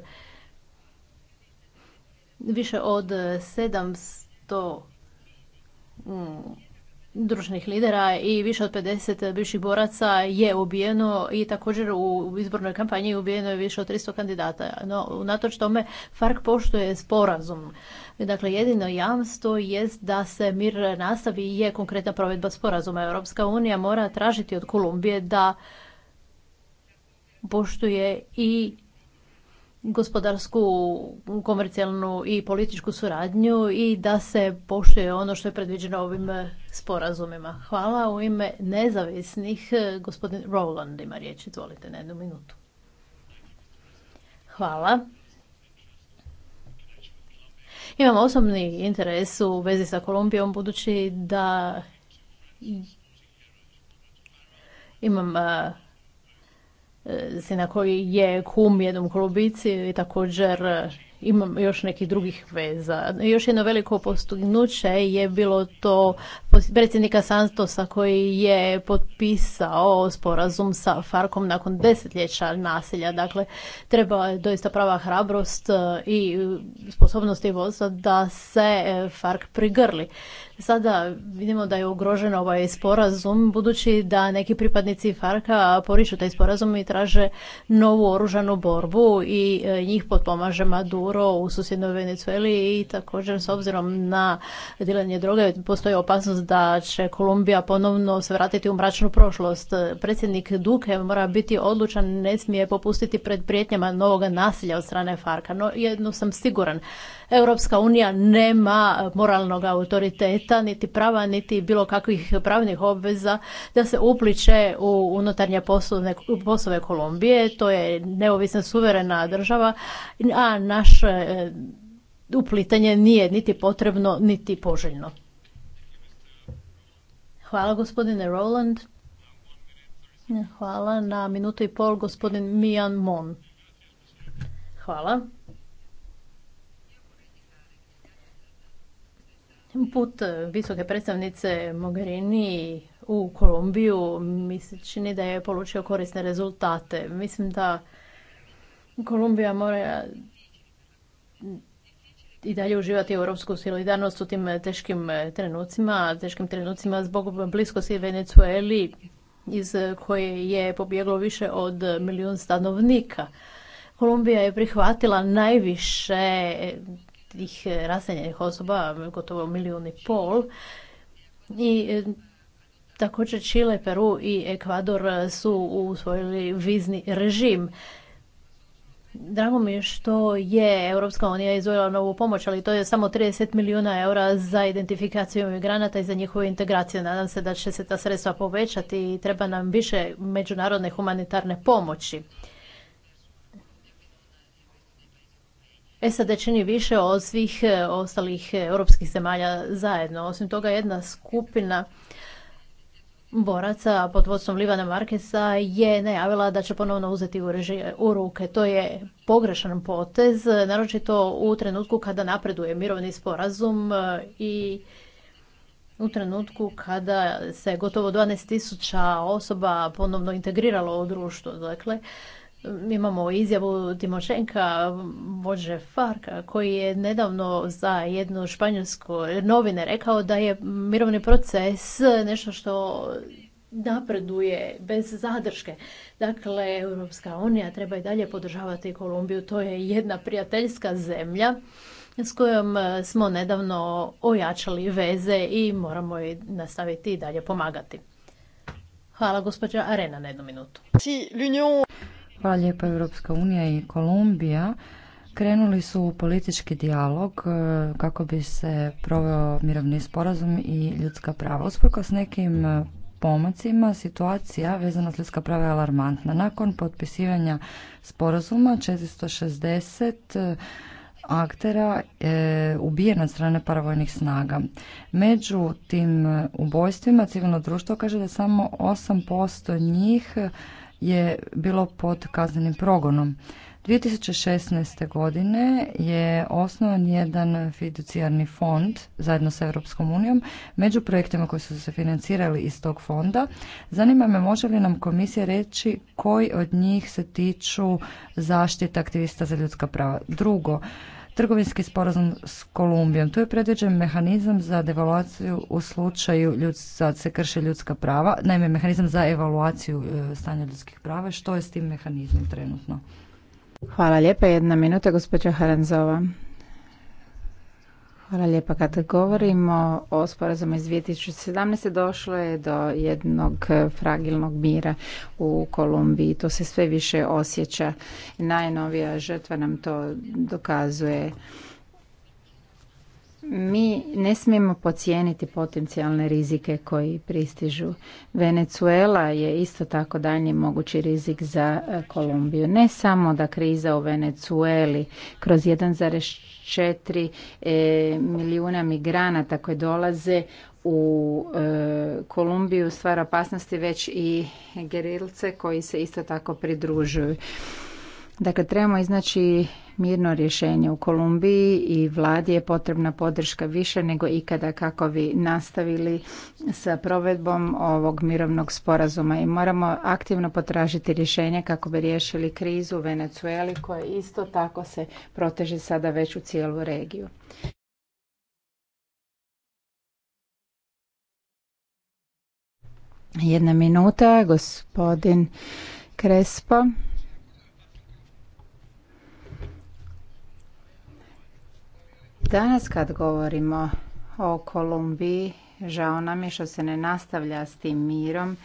Speaker 3: više od 700 mm, družnih lidera i više od 50 bivših boraca je ubijeno i također u izbornoj kampanji ubijeno je više od 300 kandidata. No, unatoč tome FARC poštuje sporazum. Dakle, jedino jamstvo jest da se mir nastavi i je konkretna provedba sporazuma. Europska unija mora tražiti od Kolumbije da poštuje i gospodarsku, komercijalnu i političku suradnju i da se poštuje ono što je predviđeno ovim sporazumima. Hvala. U ime nezavisnih e, gospodin Rowland ima riječ. Izvolite na jednu minutu. Hvala. Imam osobni interes u vezi sa Kolumbijom budući da imam e, E, na koji je kum jednom kolubici i također imam još nekih drugih veza. Još jedno veliko postignuće je bilo to predsjednika Santosa koji je potpisao sporazum sa Farkom nakon desetljeća nasilja. Dakle, treba doista prava hrabrost e, i sposobnost i da se e, Fark prigrli. Sada vidimo da je ugrožen ovaj sporazum budući da neki pripadnici Farka porišu taj sporazum i traže novu oružanu borbu i e, njih potpomaže Maduro u susjednoj Venezueli i također s obzirom na dilanje droge postoji opasnost da će Kolumbija ponovno se vratiti u mračnu prošlost. Predsjednik Duke mora biti odlučan, ne smije popustiti pred prijetnjama novog nasilja od strane Farka. No jedno sam siguran, Europska unija nema moralnog autoriteta, niti prava, niti bilo kakvih pravnih obveza da se upliče u unutarnje poslove, poslove Kolumbije. To je neovisna suverena država, a naše uplitanje nije niti potrebno, niti poželjno. Hvala gospodine Roland. Hvala na minutu i pol gospodin Mijan Mon. Hvala. Put e, visoke predstavnice Mogherini u Kolumbiju mi se čini da je polučio korisne rezultate. Mislim da Kolumbija mora i dalje uživati europsku solidarnost u tim teškim trenucima, teškim trenucima zbog bliskosti Venecueli iz koje je pobjeglo više od milijun stanovnika. Kolumbija je prihvatila najviše tih e, raseljenih osoba, gotovo milijun i pol. I e, također Čile, Peru i Ekvador su usvojili vizni režim. Drago mi je što je Europska unija izvojila novu pomoć, ali to je samo 30 milijuna eura za identifikaciju migranata i za njihovu integraciju. Nadam se da će se ta sredstva povećati i treba nam više međunarodne humanitarne pomoći. SAD čini više od svih e, ostalih e, europskih zemalja zajedno. Osim toga, jedna skupina boraca pod vodstvom Livana Markesa je najavila da će ponovno uzeti u ruke. To je pogrešan potez, naročito u trenutku kada napreduje mirovni sporazum e, i u trenutku kada se gotovo 12.000 osoba ponovno integriralo u društvo. Dakle, Imamo izjavu Timošenka, vođe Farka, koji je nedavno za jednu španjolsku novine rekao da je mirovni proces nešto što napreduje bez zadrške. Dakle, Europska unija treba i dalje podržavati Kolumbiju. To je jedna prijateljska zemlja s kojom smo nedavno ojačali veze i moramo i nastaviti i dalje pomagati. Hvala gospođa Arena na jednu minutu.
Speaker 2: Pa lijepa Europska unija i Kolumbija krenuli su u politički dijalog e, kako bi se proveo mirovni sporazum i ljudska prava. Usprkos nekim e, pomacima situacija vezana s ljudska prava je alarmantna. Nakon potpisivanja sporazuma 460 e, aktera ubije na od strane paravojnih snaga. Među tim ubojstvima civilno društvo kaže da samo 8% njih je bilo pod kaznenim progonom. 2016. godine je osnovan jedan fiducijarni fond zajedno sa Europskom unijom. Među projektima koji su se financirali iz tog fonda, zanima me može li nam komisija reći koji od njih se tiču zaštite aktivista za ljudska prava. Drugo, trgovinski sporazum s Kolumbijom. Tu je predviđen mehanizam za devaluaciju u slučaju ljud, sad se krše ljudska prava, naime mehanizam za evaluaciju e, stanja ljudskih prava. Što je s tim mehanizmom trenutno?
Speaker 1: Hvala lijepa. Jedna minuta, gospođa Haranzova. Hvala lijepa. Kad govorimo o sporazumu iz 2017. došlo je do jednog fragilnog mira u Kolumbiji. To se sve više osjeća. Najnovija žrtva nam to dokazuje mi ne smijemo pocijeniti potencijalne rizike koji pristižu. Venezuela je isto tako danji mogući rizik za e, Kolumbiju. Ne samo da kriza u Venezueli kroz 1,4 e, milijuna migranata koji dolaze u e, Kolumbiju stvara opasnosti već i gerilce koji se isto tako pridružuju. Dakle, trebamo iznaći mirno rješenje u Kolumbiji i vladi je potrebna podrška više nego ikada kako bi nastavili sa provedbom ovog mirovnog sporazuma i moramo aktivno potražiti rješenje kako bi riješili krizu u Venecueli koja isto tako se proteže sada već u cijelu regiju. Jedna minuta, gospodin Krespo. Danas kad govorimo o Kolumbiji, žao nam je što se ne nastavlja s tim mirom.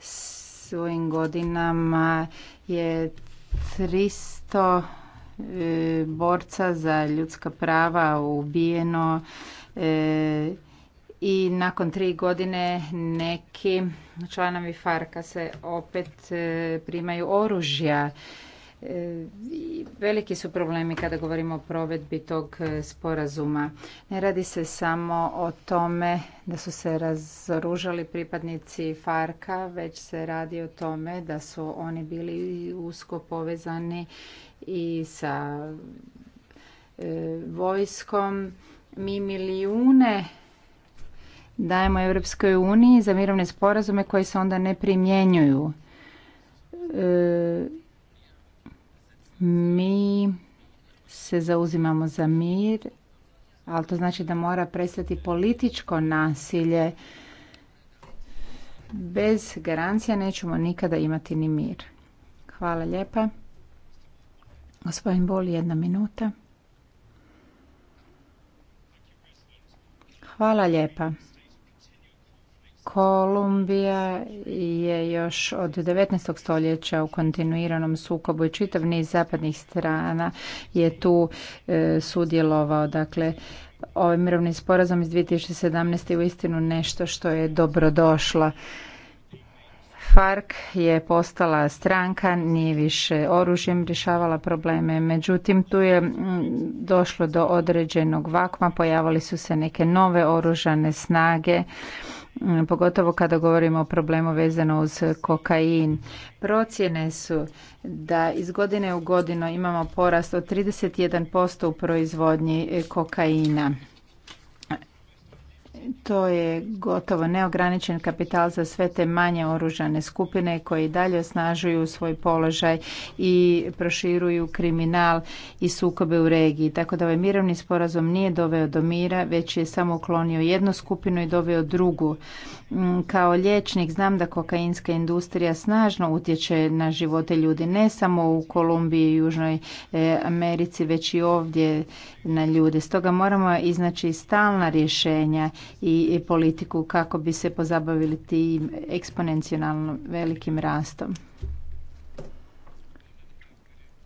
Speaker 1: Svojim godinama je 300 e, borca za ljudska prava ubijeno e, i nakon tri godine neki članovi Farka se opet e, primaju oružja E, veliki su problemi kada govorimo o provedbi tog e, sporazuma. Ne radi se samo o tome da su se razoružali pripadnici Farka, već se radi o tome da su oni bili usko povezani i sa e, vojskom. Mi milijune dajemo Europskoj uniji za mirovne sporazume koji se onda ne primjenjuju. Mi se zauzimamo za mir, ali to znači da mora prestati političko nasilje. Bez garancija nećemo nikada imati ni mir. Hvala lijepa. Gospodin Boli, jedna minuta. Hvala lijepa. Kolumbija je još od 19. stoljeća u kontinuiranom sukobu i čitav niz zapadnih strana je tu e, sudjelovao. Dakle, ovaj mirovni sporazum iz 2017. je uistinu nešto što je dobro došlo. FARC je postala stranka, nije više oružjem rješavala probleme. Međutim, tu je došlo do određenog vakma, pojavili su se neke nove oružane snage Mm, pogotovo kada govorimo o problemu vezano uz kokain. Procjene su da iz godine u godinu imamo porast od 31% u proizvodnji e, kokaina. To je gotovo neograničen kapital za sve te manje oružane skupine koje i dalje osnažuju svoj položaj i proširuju kriminal i sukobe u regiji. Tako da ovaj mirovni sporazum nije doveo do mira, već je samo uklonio jednu skupinu i doveo drugu. Mm, kao liječnik znam da kokainska industrija snažno utječe na živote ljudi, ne samo u Kolumbiji i Južnoj e, Americi, već i ovdje na ljude. Stoga moramo iznaći stalna rješenja i politiku kako bi se pozabavili tim eksponencionalno velikim rastom.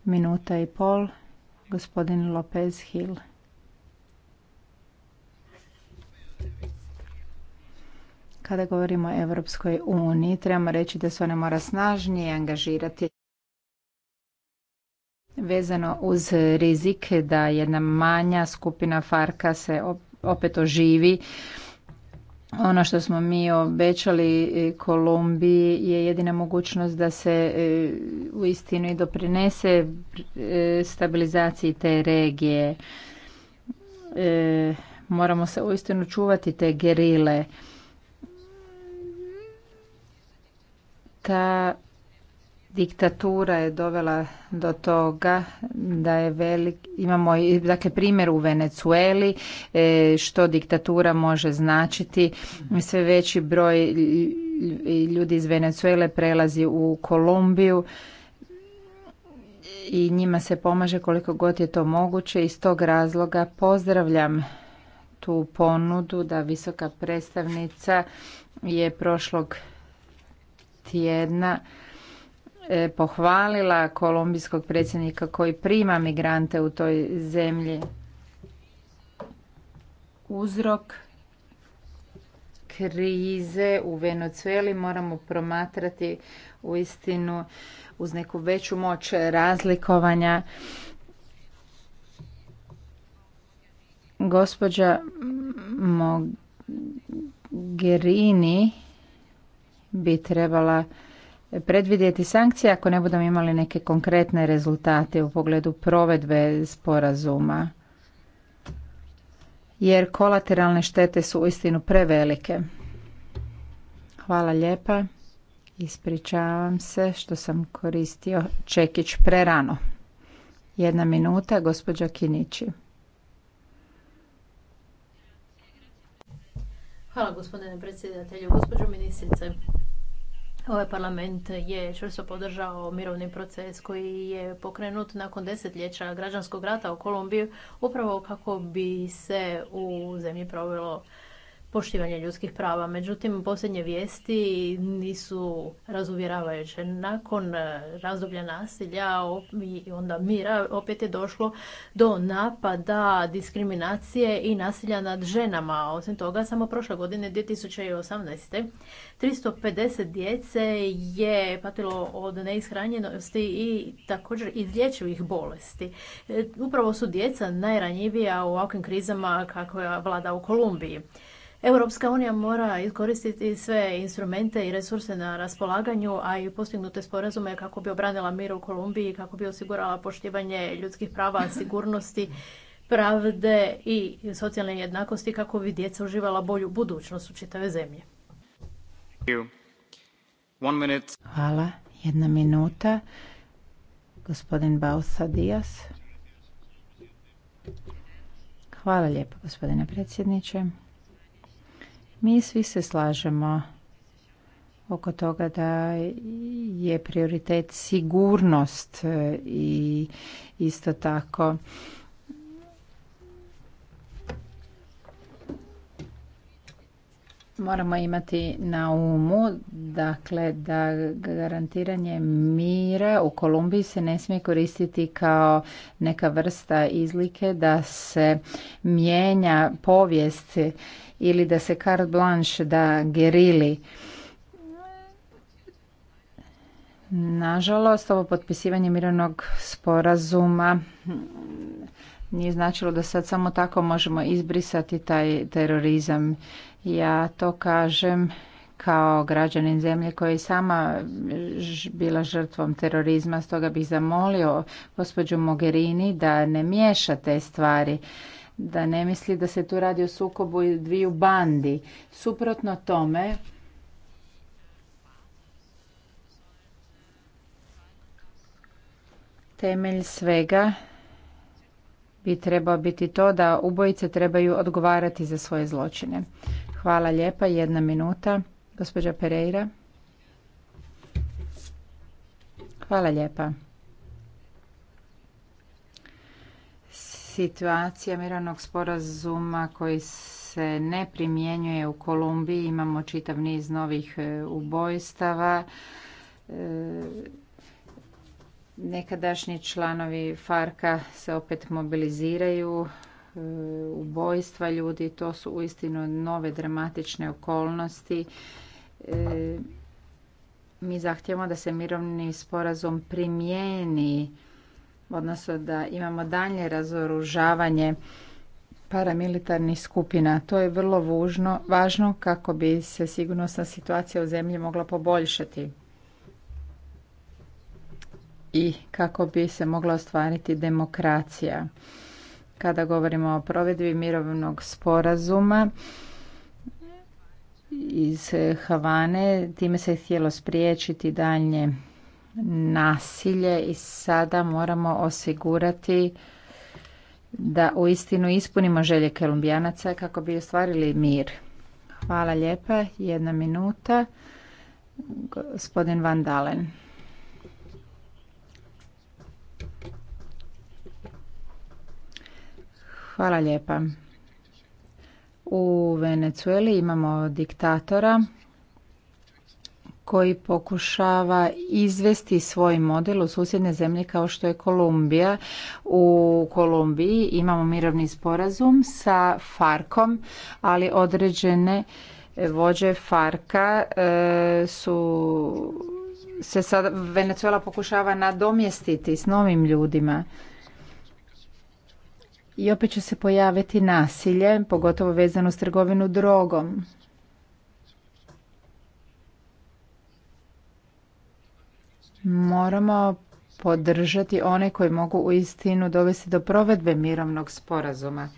Speaker 1: Minuta i pol, gospodin Lopez Hill. Kada govorimo o Europskoj uniji, trebamo reći da se ona mora snažnije angažirati vezano uz rizike da jedna manja skupina farka se opet oživi. Ono što smo mi obećali e, Kolumbiji je jedina mogućnost da se e, u istinu i doprinese e, stabilizaciji te regije. Moramo se uistinu čuvati te gerile. Ta Diktatura je dovela do toga da je velik, imamo dakle primjer u Venecueli e, što diktatura može značiti. Sve veći broj ljudi iz Venecuele prelazi u Kolumbiju i njima se pomaže koliko god je to moguće. Iz tog razloga pozdravljam tu ponudu da visoka predstavnica je prošlog tjedna E, pohvalila kolumbijskog predsjednika koji prima migrante u toj zemlji. Uzrok krize u Venezueli moramo promatrati u istinu uz neku veću moć razlikovanja. Gospođa Mogherini bi trebala predvidjeti sankcije ako ne budemo imali neke konkretne rezultate u pogledu provedbe sporazuma. Jer kolateralne štete su uistinu prevelike. Hvala lijepa. Ispričavam se što sam koristio čekić prerano. Jedna minuta, gospođa Kinići.
Speaker 3: Hvala gospodine predsjedatelju, gospođo ministrice. Ovaj parlament je čvrsto podržao mirovni proces koji je pokrenut nakon desetljeća građanskog rata u Kolumbiji upravo kako bi se u zemlji provelo poštivanje ljudskih prava. Međutim, posljednje vijesti nisu razuvjeravajuće. Nakon e, razdoblja nasilja i onda mira opet je došlo do napada, diskriminacije i nasilja nad ženama. Osim toga, samo prošle godine 2018. 350 djece je patilo od neishranjenosti i također izlječivih bolesti. E, upravo su djeca najranjivija u ovakvim krizama kakva vlada u Kolumbiji. Europska unija mora iskoristiti sve instrumente i resurse na raspolaganju, a i postignute sporazume kako bi obranila mir u Kolumbiji, kako bi osigurala poštivanje ljudskih prava, sigurnosti, pravde i socijalne jednakosti kako bi djeca uživala bolju budućnost u čitave zemlje.
Speaker 1: Hvala. Jedna minuta. Gospodin Bausa Dias. Hvala lijepo, gospodine predsjedniče. Mi svi se slažemo oko toga da je prioritet sigurnost e, i isto tako moramo imati na umu dakle da garantiranje mira u Kolumbiji se ne smije koristiti kao neka vrsta izlike da se mijenja povijest ili da se carte blanche da gerili. Nažalost, ovo potpisivanje mirovnog sporazuma nije značilo da sad samo tako možemo izbrisati taj terorizam. Ja to kažem kao građanin zemlje koja je sama bila žrtvom terorizma, stoga bih zamolio gospođu Mogherini da ne miješa te stvari da ne misli da se tu radi o sukobu dviju bandi. Suprotno tome, temelj svega bi trebao biti to da ubojice trebaju odgovarati za svoje zločine. Hvala lijepa, jedna minuta. Gospođa Pereira. Hvala lijepa. situacija mirovnog sporazuma koji se ne primjenjuje u Kolumbiji. Imamo čitav niz novih e, ubojstava. E, nekadašnji članovi Farka se opet mobiliziraju e, ubojstva ljudi. To su uistinu nove dramatične okolnosti. Mi zahtijemo da se mirovni sporazum primijeni odnosno da imamo dalje razoružavanje paramilitarnih skupina. To je vrlo vužno, važno kako bi se sigurnosna situacija u zemlji mogla poboljšati i kako bi se mogla ostvariti demokracija. Kada govorimo o provedbi mirovnog sporazuma iz Havane, time se htjelo spriječiti daljnje nasilje i sada moramo osigurati da uistinu ispunimo želje kolumbijanaca kako bi ostvarili mir. Hvala lijepa. Jedna minuta. Gospodin Van Dalen. Hvala lijepa. U Venecueli imamo diktatora koji pokušava izvesti svoj model u susjedne zemlje kao što je Kolumbija. U Kolumbiji imamo mirovni sporazum sa Farkom, ali određene vođe Farka e, su se sada Venezuela pokušava nadomjestiti s novim ljudima. I opet će se pojaviti nasilje, pogotovo vezano s trgovinu drogom. moramo podržati one koji mogu u istinu dovesti do provedbe mirovnog sporazuma.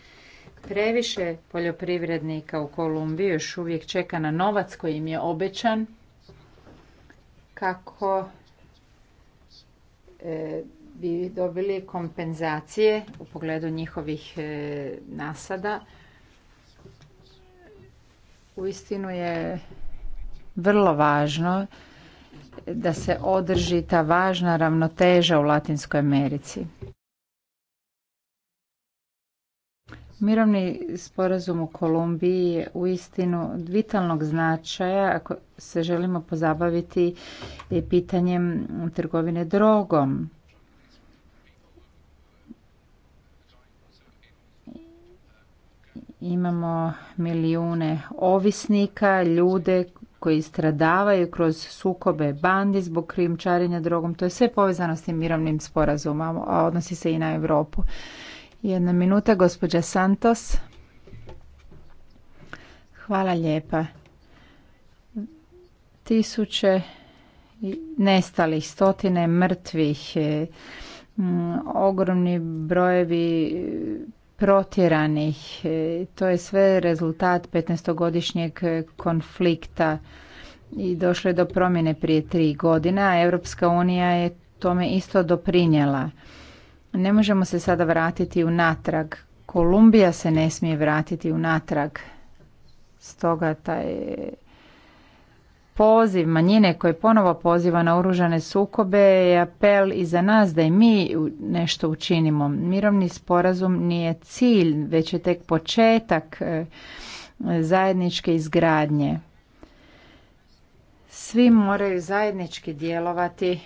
Speaker 1: Previše poljoprivrednika u Kolumbiji još uvijek čeka na novac koji im je obećan kako e, bi dobili kompenzacije u pogledu njihovih e, nasada. Uistinu je vrlo važno da se održi ta važna ravnoteža u Latinskoj Americi. Mirovni sporazum u Kolumbiji je istinu vitalnog značaja ako se želimo pozabaviti pitanjem trgovine drogom. Imamo milijune ovisnika, ljude koji stradavaju kroz sukobe bandi zbog krijumčarenja drogom. To je sve povezano s tim mirovnim sporazumom, a odnosi se i na Europu. Jedna minuta, gospođa Santos. Hvala lijepa. Tisuće nestalih, stotine mrtvih, mm, ogromni brojevi protjeranih. E, to je sve rezultat 15-godišnjeg konflikta i došlo je do promjene prije tri godina, a Europska unija je tome isto doprinjela. Ne možemo se sada vratiti unatrag. Kolumbija se ne smije vratiti unatrag. Stoga taj poziv manjine koje ponovo poziva na oružane sukobe je apel i za nas da i mi nešto učinimo. Mirovni sporazum nije cilj, već je tek početak e, zajedničke izgradnje. Svi moraju zajednički djelovati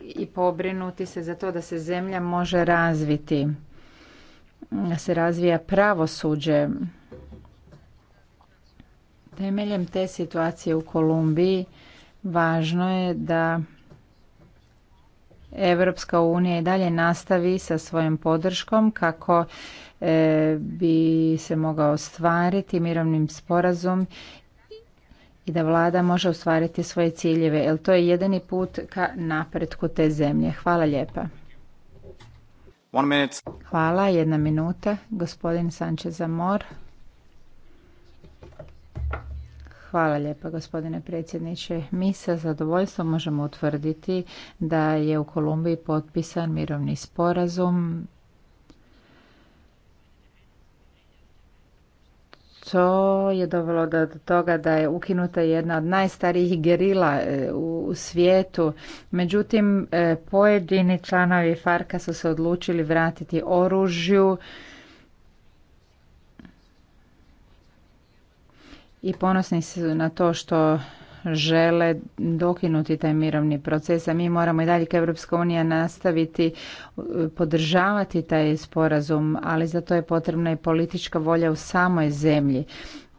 Speaker 1: i pobrinuti se za to da se zemlja može razviti, da se razvija pravosuđe, Temeljem te situacije u Kolumbiji važno je da Evropska unija i dalje nastavi sa svojom podrškom kako e, bi se mogao ostvariti mirovnim sporazum i da vlada može ostvariti svoje ciljeve, jer to je jedini put ka napretku te zemlje. Hvala lijepa. Hvala, jedna minuta. Gospodin Sanchez Amor. Hvala lijepa gospodine predsjedniče. Mi sa zadovoljstvom možemo utvrditi da je u Kolumbiji potpisan mirovni sporazum to je dovelo do toga da je ukinuta jedna od najstarijih gerila e, u svijetu. Međutim, e, pojedini članovi Farka su se odlučili vratiti oružju i ponosni su na to što žele dokinuti taj mirovni proces, a mi moramo i dalje kao Europska unija nastaviti e, podržavati taj sporazum, ali za to je potrebna i politička volja u samoj zemlji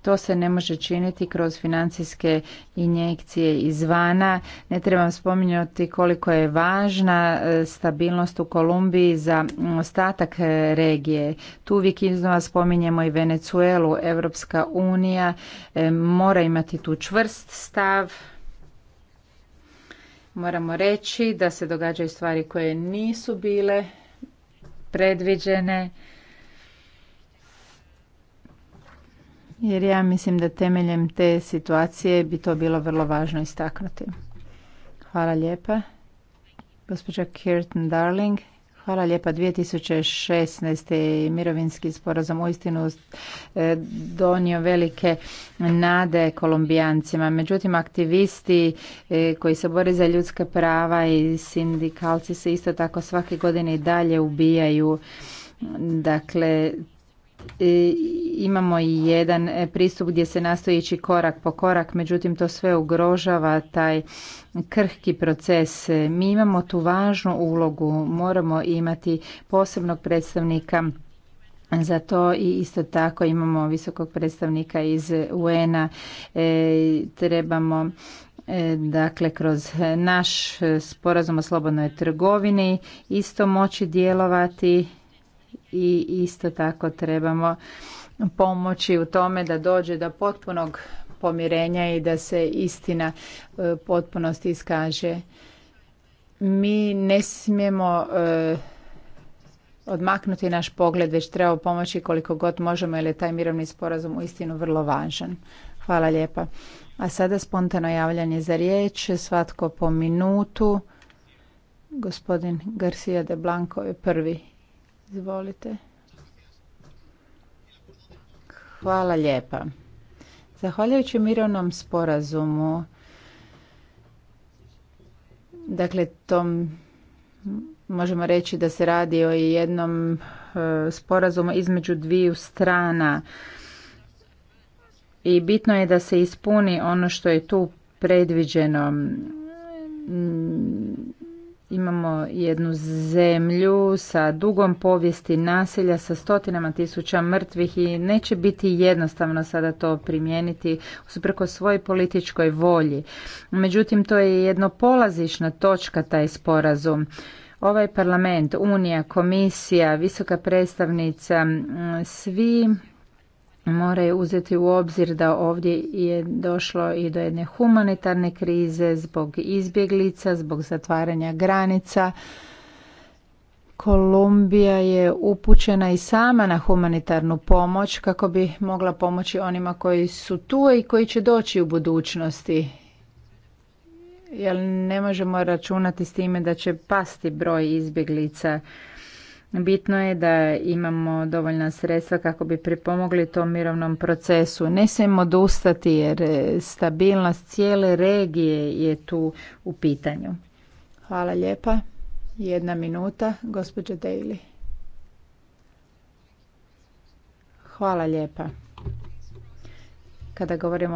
Speaker 1: to se ne može činiti kroz financijske injekcije izvana. Ne trebam spominjati koliko je važna e, stabilnost u Kolumbiji za ostatak e, regije. Tu uvijek iznova spominjemo i Venecuelu. Evropska unija e, mora imati tu čvrst stav. Moramo reći da se događaju stvari koje nisu bile predviđene. jer ja mislim da temeljem te situacije bi to bilo vrlo važno istaknuti. Hvala lijepa. Gospođa Kirtan Darling, Hvala lijepa. 2016. je mirovinski sporazum uistinu e, donio velike nade kolumbijancima. Međutim, aktivisti e, koji se bore za ljudska prava i sindikalci se isto tako svake godine i dalje ubijaju. Dakle, E, imamo i jedan e, pristup gdje se nastoji ići korak po korak, međutim to sve ugrožava taj krhki proces. E, mi imamo tu važnu ulogu, moramo imati posebnog predstavnika za to i isto tako imamo visokog predstavnika iz UN-a, trebamo dakle kroz naš sporazum o slobodnoj trgovini isto moći djelovati i isto tako trebamo pomoći u tome da dođe do potpunog pomirenja i da se istina e, potpunosti iskaže. Mi ne smijemo e, odmaknuti naš pogled, već treba pomoći koliko god možemo, jer je taj mirovni sporazum uistinu vrlo važan. Hvala lijepa. A sada spontano javljanje za riječ, svatko po minutu. Gospodin Garcia de Blanco je prvi. Izvolite. Hvala lijepa. Zahvaljujući mirovnom sporazumu, dakle tom možemo reći da se radi o jednom e, sporazumu između dviju strana i bitno je da se ispuni ono što je tu predviđeno Imamo jednu zemlju sa dugom povijesti nasilja, sa stotinama tisuća mrtvih i neće biti jednostavno sada to primijeniti usprko svojoj političkoj volji. Međutim, to je jedno polazišna točka taj sporazum. Ovaj parlament, Unija, komisija, visoka predstavnica, svi moraju uzeti u obzir da ovdje je došlo i do jedne humanitarne krize zbog izbjeglica, zbog zatvaranja granica. Kolumbija je upućena i sama na humanitarnu pomoć kako bi mogla pomoći onima koji su tu i koji će doći u budućnosti. Jer ne možemo računati s time da će pasti broj izbjeglica Bitno je da imamo dovoljna sredstva kako bi pripomogli tom mirovnom procesu. Ne smijemo odustati jer stabilnost cijele regije je tu u pitanju. Hvala lijepa. Jedna minuta, gospođa Daly. Hvala lijepa. Kada govorimo